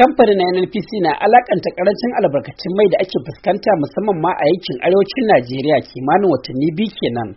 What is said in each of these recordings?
kamfanin nnpc na alakanta karancin albarkacin mai da ake fuskanta musamman ma a yankin arewacin najeriya kimanin watanni biyu kenan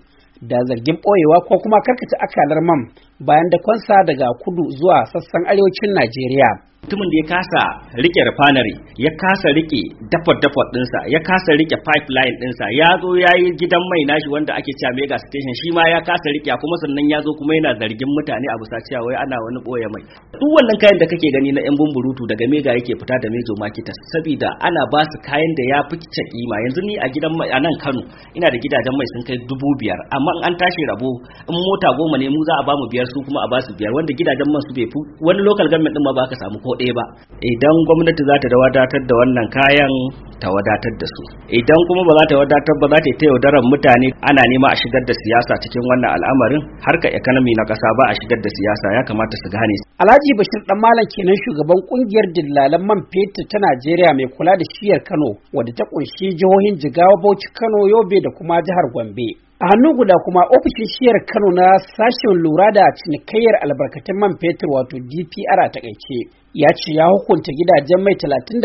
da zargin ɓoyewa ko kuma karkata akalar mam. bayan da kwansa daga kudu zuwa sassan arewacin Najeriya. mutumin da ya kasa rike refinery ya kasa rike dafa dafa ɗinsa ya kasa rike pipeline ɗinsa ya zo ya yi gidan mai nashi wanda ake cewa mega station shi ma ya kasa rike kuma sannan ya zo kuma yana zargin mutane a bisa cewa wai ana wani ɓoye mai duk wannan kayan da kake gani na yan bumburutu daga mega yake fita da mejo marketers saboda ana ba su kayan da ya fi kice kima yanzu ni a gidan mai a nan Kano ina da gidajen mai sun kai dubu biyar amma an tashi rabo in mota goma ne mu za a ba mu biyar su kuma a ba su biyar wanda gidajen man bai fi wani local government din ma ba ka samu ko ɗaya ba idan gwamnati za ta da wadatar da wannan kayan ta wadatar da su idan kuma ba za ta wadatar ba za ta ta yaudarar mutane ana nema a shigar da siyasa cikin wannan al'amarin harka economy na ƙasa ba a shigar da siyasa ya kamata su gane Alhaji Bashir dan Malam kenan shugaban kungiyar dillalan man fetur ta Najeriya mai kula da shiyar Kano wadda ta kunshi jihohin Jigawa, Bauchi, Kano, Yobe da kuma jihar Gombe. a hannu guda kuma ofishin shiyar kano na sashen lura da cinikayyar albarkatun man fetur wato dpr a takaice ya ce ya hukunta gidajen mai 39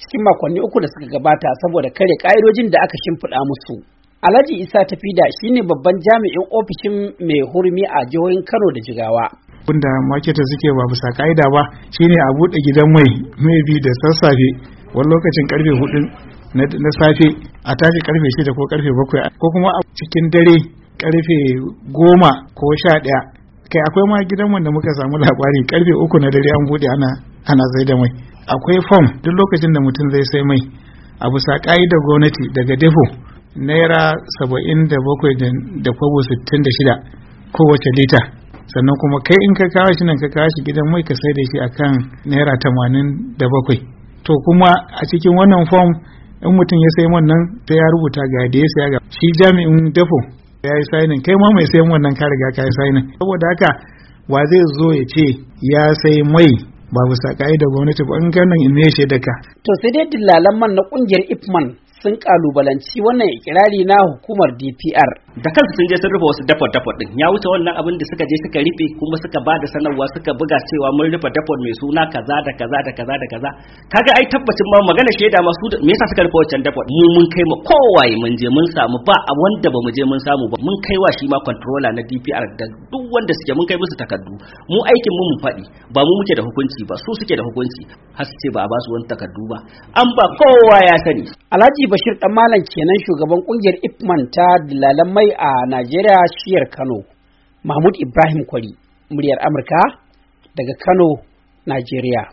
cikin makonni uku da suka gabata saboda kare ka'idojin da aka shimfiɗa musu alhaji isa tafida shine babban jami'in ofishin mai hurmi a jihohin kano da jigawa da maketa suke ba bisa ka'ida ba shine a buɗe gidan mai mai bi da sassafe wani lokacin karfe hudu na safe a tashi karfe shida ko karfe bakwai ko kuma a cikin dare karfe goma ko sha ɗaya kai akwai ma gidan wanda muka samu labari karfe uku na dare an bude ana ana sai da mai akwai fom duk lokacin da mutum zai sai mai a bisa ka'idar gwamnati daga defo naira saba'in da bakwai da kwabo sittin da shida kowace lita sannan kuma kai in ka kawo shi nan ka kawo shi gidan mai ka sai da shi akan naira tamanin da bakwai to kuma a cikin wannan fom in mutum ya sayi wannan ta ya rubuta ga da ya saya ga shi jami'in dafo ya yi sainin kai ma mai sayan wannan ka riga ka yi sainin saboda haka wa zai zo ya ce ya sai mai ba bisa da gwamnati ba in ganin in ne shaida ka. To sai dai dillalan man na kungiyar Ifman sun kalubalanci wannan ikirari na hukumar DPR da kansu sun je sun rufe wasu dafot dafot din ya wuce wannan abin da suka je suka rufe kuma suka ba da sanarwa suka buga cewa mun rufe dafot mai suna kaza da kaza da kaza da kaza kaga ai tabbacin ma magana shaida ma su me yasa suka rufe wancan dafot mu mun kai ma kowaye mun je mun samu ba a wanda ba mu je mun samu ba mun kai wa shi ma controller na DPR da duk wanda suke mun kai musu takardu mu aikin mu mu faɗi ba mu muke da hukunci ba su suke da hukunci har su ce ba a ba su wani takardu ba an ba kowa ya sani Alhaji Bashir dan malam kenan shugaban kungiyar Ipman ta dilalan mai kawai a Najeriya shiyar Kano. Mahmud Ibrahim Kwari, muryar Amurka daga Kano, Najeriya.